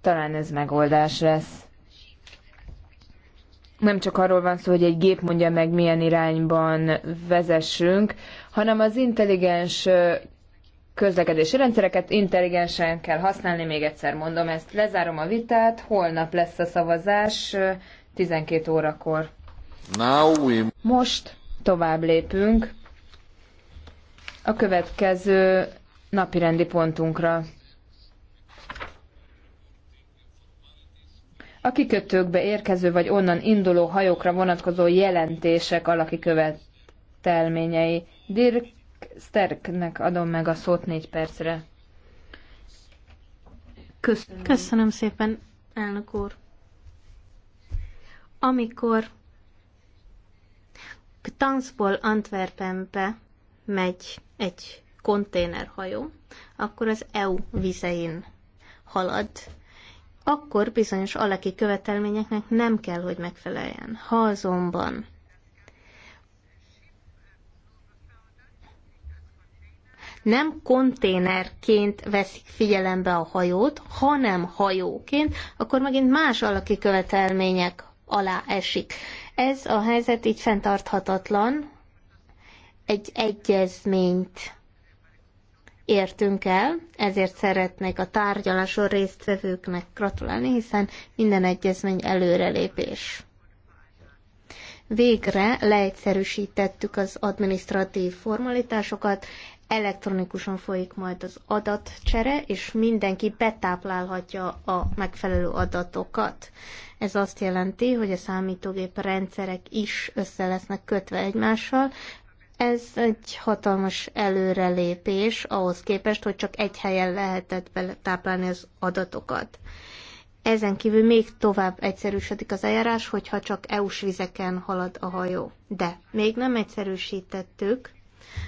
Talán ez megoldás lesz. Nem csak arról van szó, hogy egy gép mondja meg, milyen irányban vezessünk, hanem az intelligens közlekedési rendszereket intelligensen kell használni, még egyszer mondom ezt. Lezárom a vitát, holnap lesz a szavazás 12 órakor. Most tovább lépünk a következő napi rendi pontunkra. a kikötőkbe érkező vagy onnan induló hajókra vonatkozó jelentések alaki követelményei. Dirk Sterknek adom meg a szót négy percre. Köszönöm. Köszönöm szépen, elnök úr. Amikor Gdanskból Antwerpenbe megy egy konténerhajó, akkor az EU vizein halad, akkor bizonyos aleki követelményeknek nem kell, hogy megfeleljen. Ha azonban nem konténerként veszik figyelembe a hajót, hanem hajóként, akkor megint más alaki követelmények alá esik. Ez a helyzet így fenntarthatatlan. Egy egyezményt értünk el, ezért szeretnék a tárgyaláson résztvevőknek gratulálni, hiszen minden egyezmény előrelépés. Végre leegyszerűsítettük az administratív formalitásokat, elektronikusan folyik majd az adatcsere, és mindenki betáplálhatja a megfelelő adatokat. Ez azt jelenti, hogy a számítógép rendszerek is össze lesznek kötve egymással, ez egy hatalmas előrelépés ahhoz képest, hogy csak egy helyen lehetett táplálni az adatokat. Ezen kívül még tovább egyszerűsödik az eljárás, hogyha csak EU-s vizeken halad a hajó. De még nem egyszerűsítettük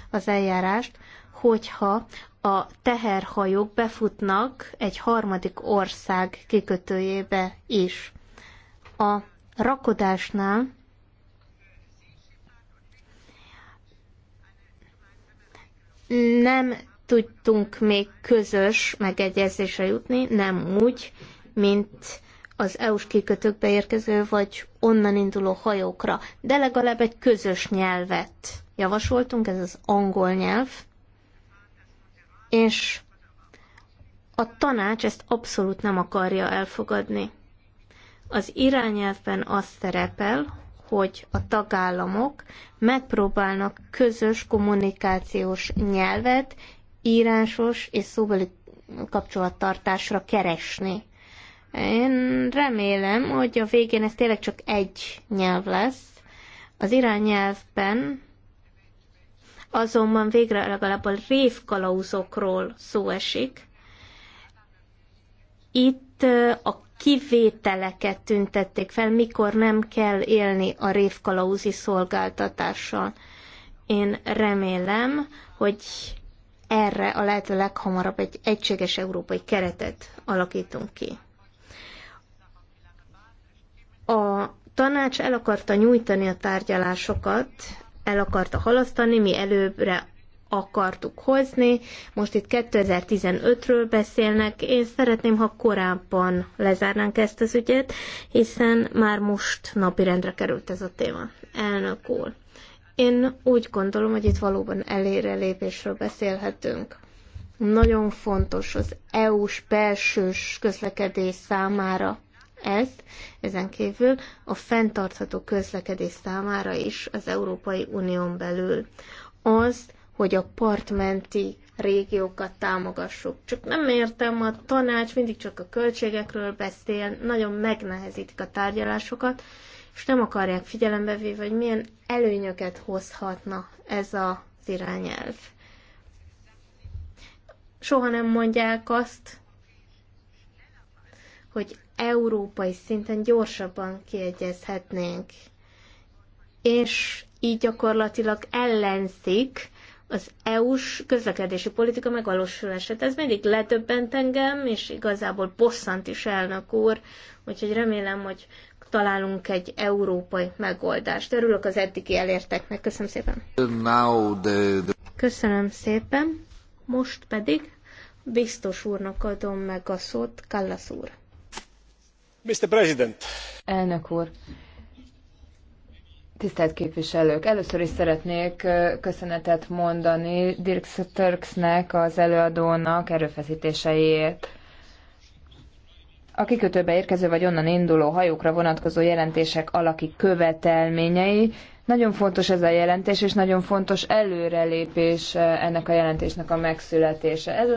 az eljárást, hogyha a teherhajók befutnak egy harmadik ország kikötőjébe is. A rakodásnál nem tudtunk még közös megegyezésre jutni, nem úgy, mint az EU-s kikötőkbe érkező, vagy onnan induló hajókra, de legalább egy közös nyelvet javasoltunk, ez az angol nyelv, és a tanács ezt abszolút nem akarja elfogadni. Az irányelvben az szerepel, hogy a tagállamok megpróbálnak közös kommunikációs nyelvet írásos és szóbeli kapcsolattartásra keresni. Én remélem, hogy a végén ez tényleg csak egy nyelv lesz. Az irányelvben azonban végre legalább a révkalauzokról szó esik. Itt a kivételeket tüntették fel, mikor nem kell élni a révkalauzi szolgáltatással. Én remélem, hogy erre a lehető leghamarabb egy egységes európai keretet alakítunk ki. A tanács el akarta nyújtani a tárgyalásokat, el akarta halasztani, mi előbbre akartuk hozni. Most itt 2015-ről beszélnek. Én szeretném, ha korábban lezárnánk ezt az ügyet, hiszen már most napirendre került ez a téma. Elnök úr, én úgy gondolom, hogy itt valóban előrelépésről beszélhetünk. Nagyon fontos az EU-s belsős közlekedés számára ez, ezen kívül a fenntartható közlekedés számára is az Európai Unión belül. Az, hogy a partmenti régiókat támogassuk. Csak nem értem, a tanács mindig csak a költségekről beszél, nagyon megnehezítik a tárgyalásokat, és nem akarják figyelembe véve, hogy milyen előnyöket hozhatna ez az irányelv. Soha nem mondják azt, hogy európai szinten gyorsabban kiegyezhetnénk. És így gyakorlatilag ellenzik az EU-s közlekedési politika megvalósulását. Ez mindig letöbbent engem, és igazából bosszant is elnök úr, úgyhogy remélem, hogy találunk egy európai megoldást. Örülök az eddigi elérteknek. Köszönöm szépen. Köszönöm szépen. Most pedig biztos úrnak adom meg a szót, Kallas úr. Mr. President. Elnök úr, Tisztelt képviselők, először is szeretnék köszönetet mondani Dirk Törksnek, az előadónak erőfeszítéseiért. A kikötőbe érkező vagy onnan induló hajókra vonatkozó jelentések alaki követelményei. Nagyon fontos ez a jelentés, és nagyon fontos előrelépés ennek a jelentésnek a megszületése. Ez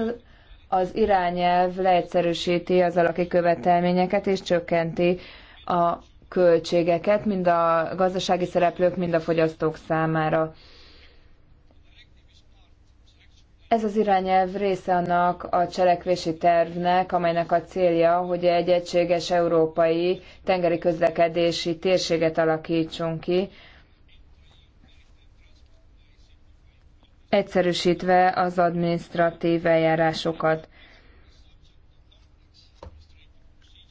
az irányelv leegyszerűsíti az alaki követelményeket, és csökkenti a költségeket, mind a gazdasági szereplők, mind a fogyasztók számára. Ez az irányelv része annak a cselekvési tervnek, amelynek a célja, hogy egy egységes európai tengeri közlekedési térséget alakítsunk ki, egyszerűsítve az adminisztratív eljárásokat.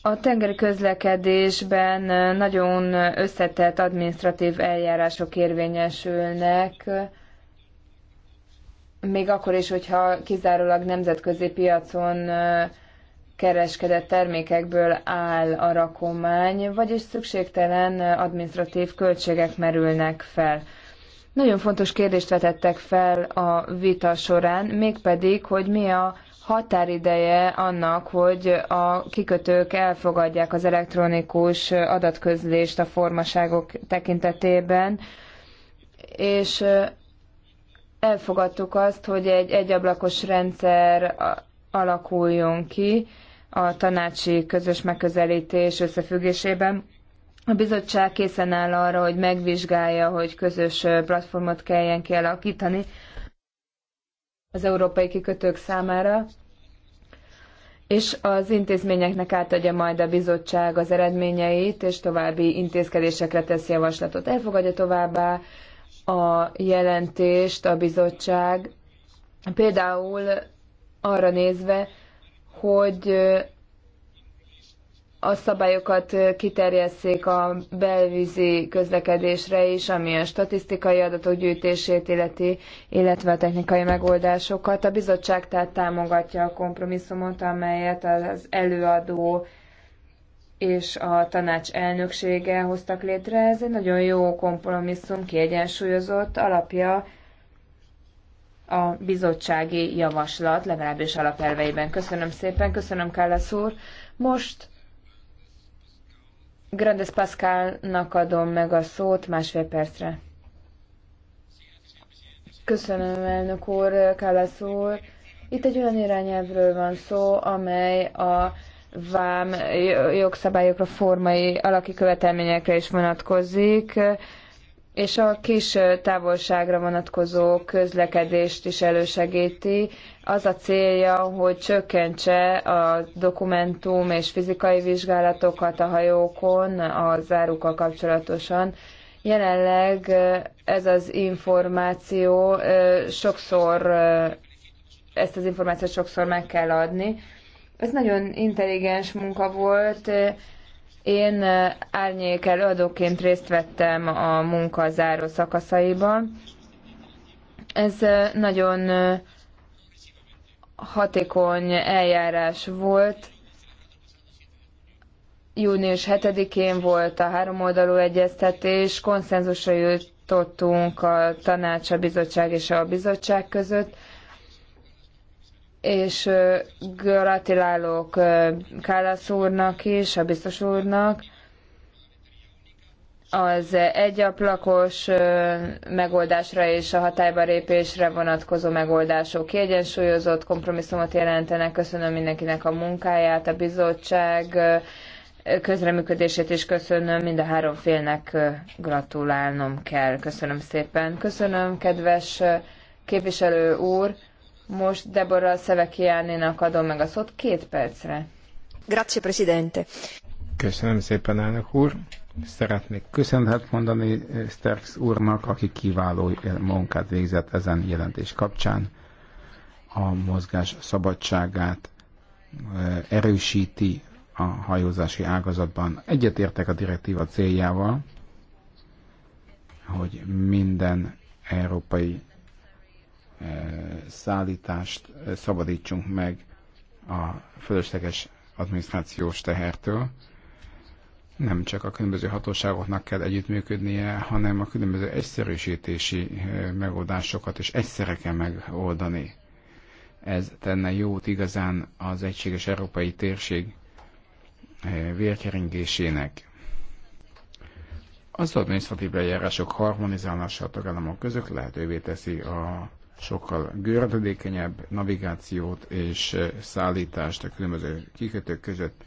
A tengeri közlekedésben nagyon összetett administratív eljárások érvényesülnek, még akkor is, hogyha kizárólag nemzetközi piacon kereskedett termékekből áll a rakomány, vagyis szükségtelen administratív költségek merülnek fel. Nagyon fontos kérdést vetettek fel a vita során, mégpedig, hogy mi a határideje annak, hogy a kikötők elfogadják az elektronikus adatközlést a formaságok tekintetében, és elfogadtuk azt, hogy egy egyablakos rendszer alakuljon ki a tanácsi közös megközelítés összefüggésében. A bizottság készen áll arra, hogy megvizsgálja, hogy közös platformot kelljen kialakítani, az európai kikötők számára, és az intézményeknek átadja majd a bizottság az eredményeit, és további intézkedésekre tesz javaslatot. Elfogadja továbbá a jelentést a bizottság, például arra nézve, hogy a szabályokat kiterjesszék a belvízi közlekedésre is, ami a statisztikai adatok gyűjtését illeti, illetve a technikai megoldásokat. A bizottság tehát támogatja a kompromisszumot, amelyet az előadó és a tanács elnöksége hoztak létre. Ez egy nagyon jó kompromisszum, kiegyensúlyozott alapja a bizottsági javaslat, legalábbis alapelveiben. Köszönöm szépen, köszönöm Kállász úr. Most Grandes Pascalnak adom meg a szót másfél percre. Köszönöm, elnök úr, Kálasz úr. Itt egy olyan irányelvről van szó, amely a vám jogszabályokra, formai alaki követelményekre is vonatkozik és a kis távolságra vonatkozó közlekedést is elősegíti. Az a célja, hogy csökkentse a dokumentum és fizikai vizsgálatokat a hajókon, a zárukkal kapcsolatosan. Jelenleg ez az információ sokszor, ezt az információt sokszor meg kell adni. Ez nagyon intelligens munka volt, én árnyék előadóként részt vettem a munka záró szakaszaiban. Ez nagyon hatékony eljárás volt. Június 7-én volt a háromoldalú egyeztetés, konszenzusra jutottunk a tanács, a bizottság és a bizottság között és gratulálok Kálasz úrnak is, a biztos úrnak. Az egyablakos megoldásra és a hatályba lépésre vonatkozó megoldások kiegyensúlyozott kompromisszumot jelentenek. Köszönöm mindenkinek a munkáját, a bizottság közreműködését is köszönöm, mind a három félnek gratulálnom kell. Köszönöm szépen. Köszönöm, kedves képviselő úr. Most Deborah Szevekiánénak adom meg a szót két percre. Grazie, Presidente. Köszönöm szépen, elnök úr. Szeretnék köszönhet mondani Sterks úrnak, aki kiváló munkát végzett ezen jelentés kapcsán. A mozgás szabadságát erősíti a hajózási ágazatban. Egyetértek a direktíva céljával, hogy minden európai szállítást szabadítsunk meg a fölösleges adminisztrációs tehertől. Nem csak a különböző hatóságoknak kell együttműködnie, hanem a különböző egyszerűsítési megoldásokat is egyszerre kell megoldani. Ez tenne jót igazán az egységes európai térség vérkeringésének. Az adminisztratív eljárások harmonizálása a tagállamok között lehetővé teszi a sokkal gördülékenyebb navigációt és szállítást a különböző kikötők között.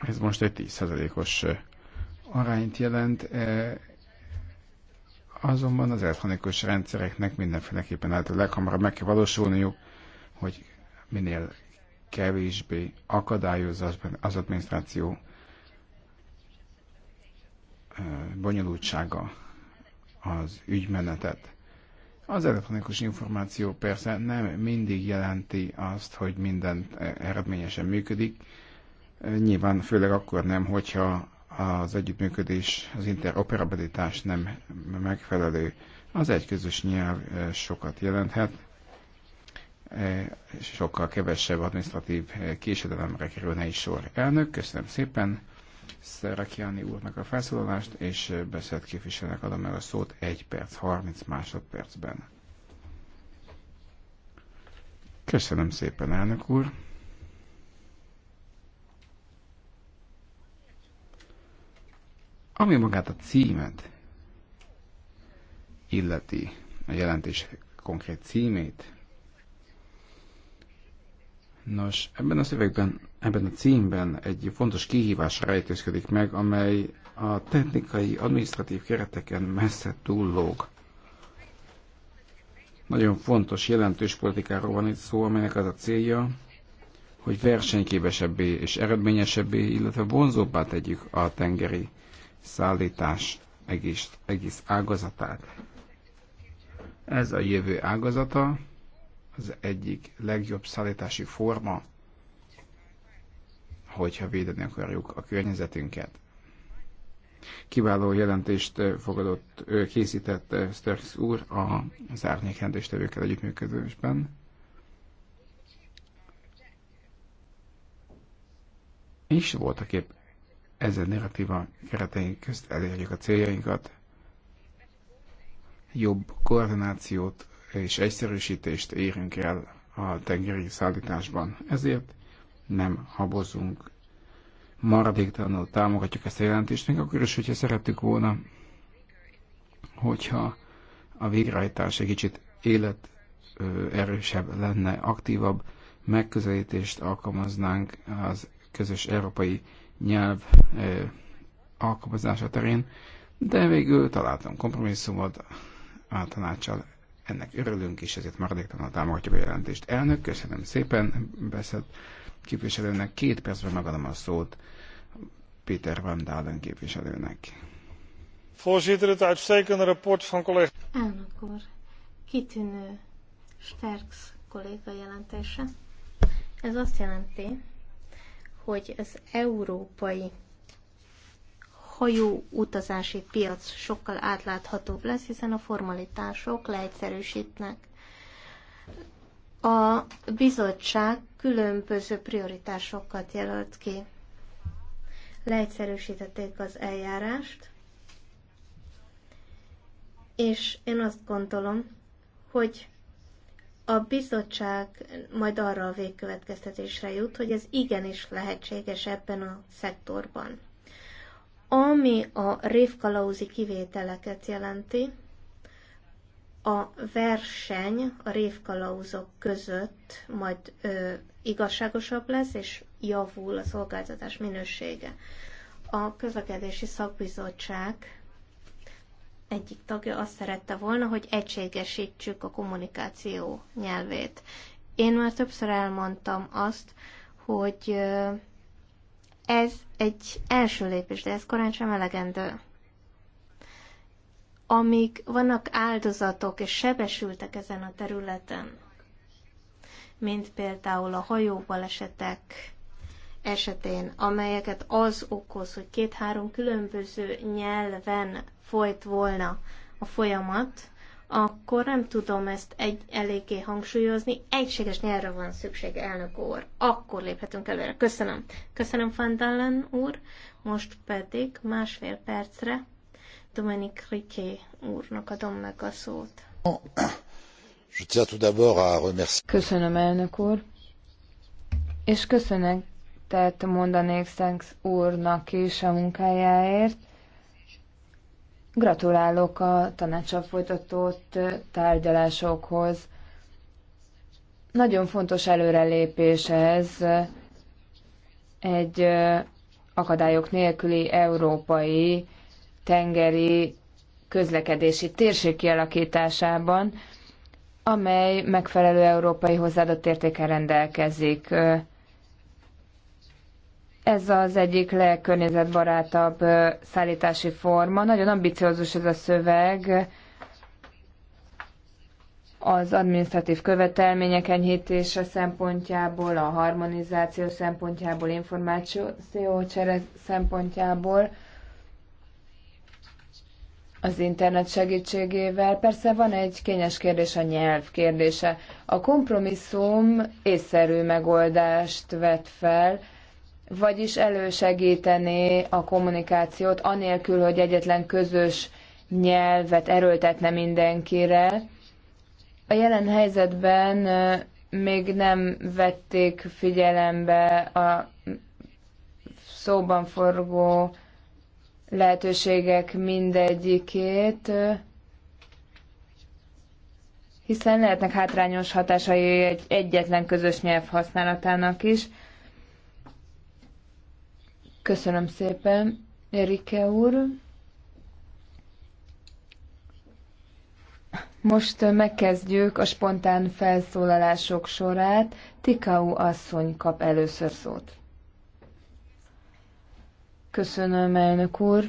Ez most egy 10%-os arányt jelent, azonban az elektronikus rendszereknek mindenféleképpen a leghamarabb meg kell valósulniuk, hogy minél kevésbé akadályozza az adminisztráció bonyolultsága az ügymenetet. Az elektronikus információ persze nem mindig jelenti azt, hogy minden eh, eredményesen működik. Eh, nyilván főleg akkor nem, hogyha az együttműködés, az interoperabilitás nem megfelelő. Az egy közös nyelv eh, sokat jelenthet, sokkal kevesebb administratív késedelemre kerülne is sor. Elnök, köszönöm szépen! Szerekiáni úrnak a felszólalást, és beszélt képviselőnek adom meg a szót 1 perc, 30 másodpercben. Köszönöm szépen, elnök úr! Ami magát a címet illeti, a jelentés konkrét címét, Nos, ebben a szövegben, ebben a címben egy fontos kihívás rejtőzködik meg, amely a technikai, administratív kereteken messze túllóg. Nagyon fontos, jelentős politikáról van itt szó, amelynek az a célja, hogy versenyképesebbé és eredményesebbé, illetve vonzóbbá tegyük a tengeri szállítás egész, egész ágazatát. Ez a jövő ágazata, az egyik legjobb szállítási forma, hogyha védeni akarjuk a környezetünket. Kiváló jelentést fogadott, készített Sturks úr a árnyék jelentéstevőkkel együttműködésben. És voltak épp ezen narratíva kereteink közt elérjük a céljainkat, jobb koordinációt és egyszerűsítést érünk el a tengeri szállításban. Ezért nem habozunk. Maradéktalanul támogatjuk ezt a jelentést, még akkor is, hogyha szerettük volna, hogyha a végrehajtás egy kicsit élet erősebb lenne, aktívabb megközelítést alkalmaznánk az közös európai nyelv alkalmazása terén, de végül találtam kompromisszumot a tanácsal ennek örülünk, és ezért maradéktalanul támogatjuk a jelentést. Elnök, köszönöm szépen, beszélt képviselőnek. Két percben megadom a szót Péter Van Dalen képviselőnek. Voorzitter, het uitstekende rapport van collega... Elnök úr, kitűnő Sterks kolléga jelentése. Ez azt jelenti, hogy az európai hajó utazási piac sokkal átláthatóbb lesz, hiszen a formalitások leegyszerűsítnek. A bizottság különböző prioritásokat jelölt ki. Leegyszerűsítették az eljárást, és én azt gondolom, hogy a bizottság majd arra a végkövetkeztetésre jut, hogy ez igenis lehetséges ebben a szektorban. Ami a révkalauzi kivételeket jelenti, a verseny a révkalauzok között majd ö, igazságosabb lesz, és javul a szolgáltatás minősége. A közlekedési szakbizottság egyik tagja azt szerette volna, hogy egységesítsük a kommunikáció nyelvét. Én már többször elmondtam azt, hogy ez egy első lépés, de ez korán sem elegendő. Amíg vannak áldozatok és sebesültek ezen a területen, mint például a hajóbalesetek esetén, amelyeket az okoz, hogy két-három különböző nyelven folyt volna a folyamat, akkor nem tudom ezt egy eléggé hangsúlyozni. Egységes nyelvre van szükség, elnök úr. Akkor léphetünk előre. Köszönöm. Köszönöm, Van úr. Most pedig másfél percre Dominik Riké úrnak adom meg a szót. Köszönöm, elnök úr. És köszönetet mondanék Szenks úrnak is a munkájáért Gratulálok a tanácsal folytatott tárgyalásokhoz. Nagyon fontos előrelépés ez egy akadályok nélküli európai tengeri közlekedési térség kialakításában, amely megfelelő európai hozzáadott értéken rendelkezik. Ez az egyik legkörnyezetbarátabb szállítási forma. Nagyon ambiciózus ez a szöveg. Az administratív követelmények enyhítése szempontjából, a harmonizáció szempontjából, információcsere szempontjából az internet segítségével. Persze van egy kényes kérdés, a nyelv kérdése. A kompromisszum észszerű megoldást vet fel, vagyis elősegítené a kommunikációt, anélkül, hogy egyetlen közös nyelvet erőltetne mindenkire. A jelen helyzetben még nem vették figyelembe a szóban forgó lehetőségek mindegyikét, hiszen lehetnek hátrányos hatásai egy egyetlen közös nyelv használatának is. Köszönöm szépen, Erike úr. Most megkezdjük a spontán felszólalások sorát. Tikau asszony kap először szót. Köszönöm, elnök úr.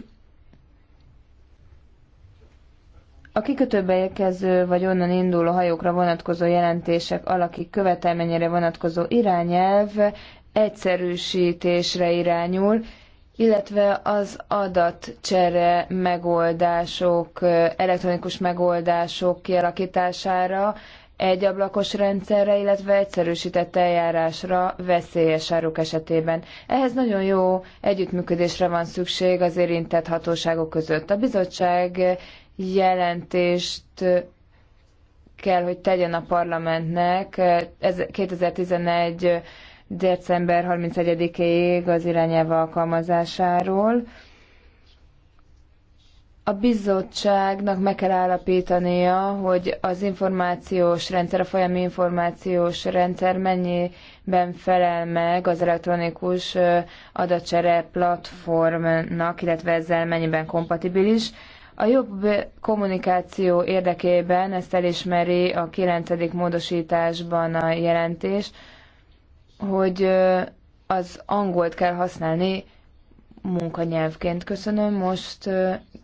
A kikötőbe érkező vagy onnan induló hajókra vonatkozó jelentések alaki követelményére vonatkozó irányelv egyszerűsítésre irányul, illetve az adatcsere megoldások, elektronikus megoldások kialakítására, egy ablakos rendszerre, illetve egyszerűsített eljárásra veszélyes áruk esetében. Ehhez nagyon jó együttműködésre van szükség az érintett hatóságok között. A bizottság jelentést kell, hogy tegyen a parlamentnek 2011 december 31-ig az irányelv alkalmazásáról. A bizottságnak meg kell állapítania, hogy az információs rendszer, a folyami információs rendszer mennyiben felel meg az elektronikus adatcsere platformnak, illetve ezzel mennyiben kompatibilis. A jobb kommunikáció érdekében ezt elismeri a 9. módosításban a jelentés, hogy az angolt kell használni munkanyelvként. Köszönöm, most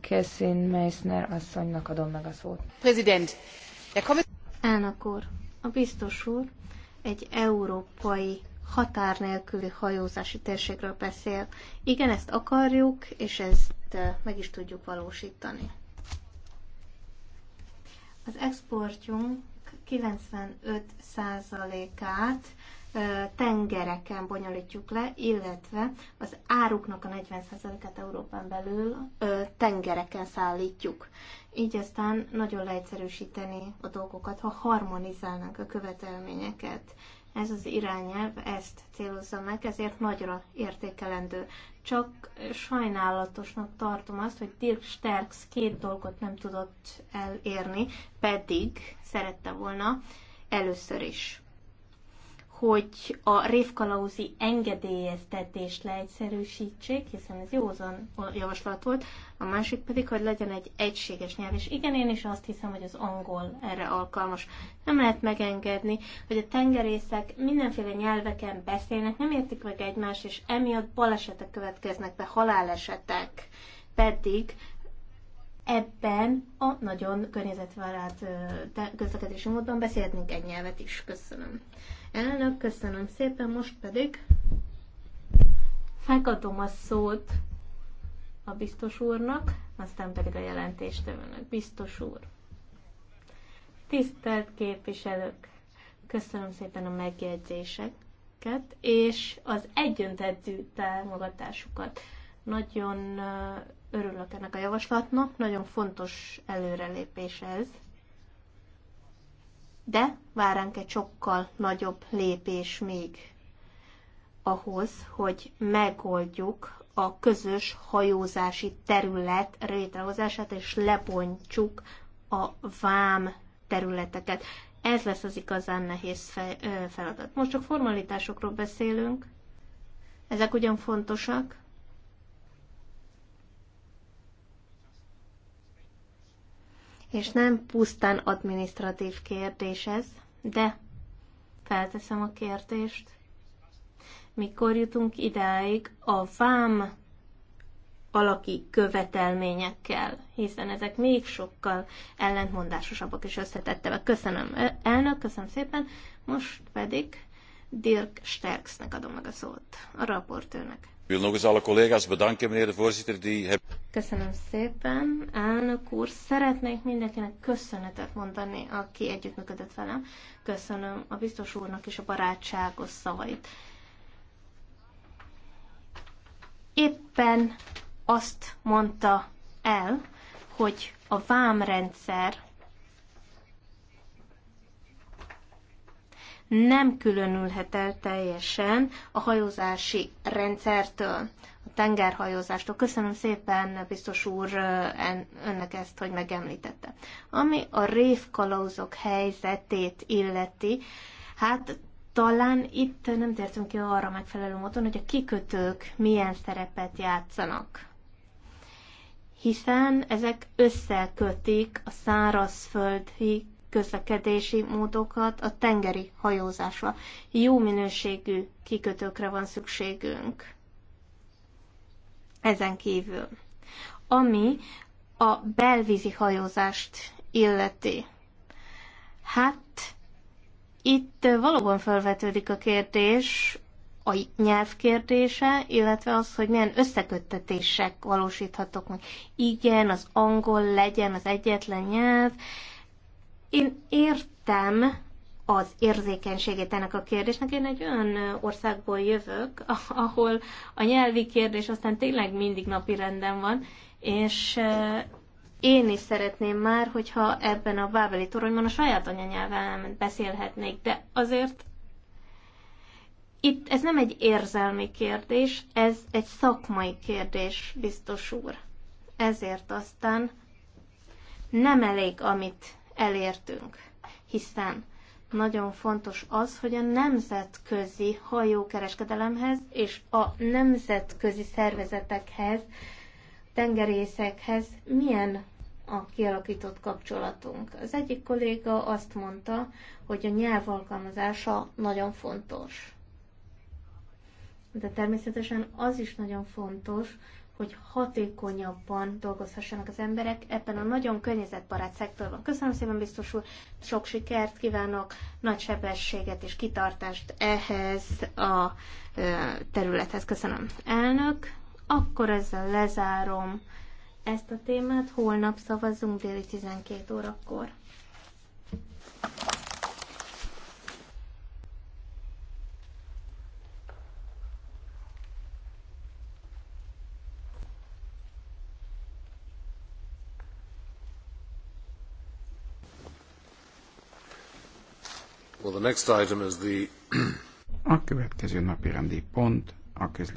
Kessin Meissner asszonynak adom meg a szót. Prezident, Elnök úr, a biztos úr egy európai határ nélküli hajózási térségről beszél. Igen, ezt akarjuk, és ezt meg is tudjuk valósítani. Az exportjunk 95%-át tengereken bonyolítjuk le, illetve az áruknak a 40%-át Európán belül tengereken szállítjuk. Így aztán nagyon leegyszerűsíteni a dolgokat, ha harmonizálnánk a követelményeket. Ez az irányelv ezt célozza meg, ezért nagyra értékelendő. Csak sajnálatosnak tartom azt, hogy Dirk Sterks két dolgot nem tudott elérni, pedig szerette volna először is hogy a révkalauzi engedélyeztetést leegyszerűsítsék, hiszen ez józan javaslat volt, a másik pedig, hogy legyen egy egységes nyelv. És igen, én is azt hiszem, hogy az angol erre alkalmas. Nem lehet megengedni, hogy a tengerészek mindenféle nyelveken beszélnek, nem értik meg egymást, és emiatt balesetek következnek be, halálesetek. Pedig ebben a nagyon környezetvárát közlekedési módon beszélhetnénk egy nyelvet is. Köszönöm. Elnök, köszönöm szépen, most pedig megadom a szót a biztos úrnak, aztán pedig a jelentéstevőnek. Biztos úr. Tisztelt képviselők, köszönöm szépen a megjegyzéseket és az egyöntetű támogatásukat. Nagyon örülök ennek a javaslatnak, nagyon fontos előrelépés ez. De váránk egy sokkal nagyobb lépés még ahhoz, hogy megoldjuk a közös hajózási terület létrehozását, és lebontjuk a vám területeket. Ez lesz az igazán nehéz feladat. Most csak formalitásokról beszélünk, ezek ugyan fontosak, és nem pusztán administratív kérdés ez, de felteszem a kérdést, mikor jutunk ideig a vám alaki követelményekkel, hiszen ezek még sokkal ellentmondásosabbak és összetettebbek. Köszönöm elnök, köszönöm szépen, most pedig Dirk Sterksnek adom meg a szót, a raportőrnek wil nog eens alle collega's bedanken, meneer de voorzitter, die hebben... Köszönöm szépen, elnök úr. Szeretnék mindenkinek köszönetet mondani, aki együttműködött velem. Köszönöm a biztos úrnak is a barátságos szavait. Éppen azt mondta el, hogy a vámrendszer nem különülhet el teljesen a hajózási rendszertől, a tengerhajózástól. Köszönöm szépen, biztos úr, önnek ezt, hogy megemlítette. Ami a révkalauzok helyzetét illeti, hát talán itt nem tértünk ki arra megfelelő módon, hogy a kikötők milyen szerepet játszanak hiszen ezek összekötik a szárazföldi közlekedési módokat a tengeri hajózásra. Jó minőségű kikötőkre van szükségünk. Ezen kívül. Ami a belvízi hajózást illeti. Hát, itt valóban felvetődik a kérdés, a nyelv kérdése, illetve az, hogy milyen összeköttetések valósíthatók meg. Igen, az angol legyen az egyetlen nyelv, én értem az érzékenységét ennek a kérdésnek. Én egy olyan országból jövök, ahol a nyelvi kérdés aztán tényleg mindig napi renden van, és én is szeretném már, hogyha ebben a bábeli toronyban a saját anyanyelven beszélhetnék, de azért itt ez nem egy érzelmi kérdés, ez egy szakmai kérdés, biztos úr. Ezért aztán nem elég, amit elértünk. Hiszen nagyon fontos az, hogy a nemzetközi hajókereskedelemhez és a nemzetközi szervezetekhez, tengerészekhez milyen a kialakított kapcsolatunk. Az egyik kolléga azt mondta, hogy a nyelv alkalmazása nagyon fontos de természetesen az is nagyon fontos, hogy hatékonyabban dolgozhassanak az emberek ebben a nagyon környezetbarát szektorban. Köszönöm szépen, biztos úr, sok sikert kívánok, nagy sebességet és kitartást ehhez a területhez. Köszönöm, elnök. Akkor ezzel lezárom ezt a témát, holnap szavazunk déli 12 órakor. A következő napi rendi pont a közlekedés.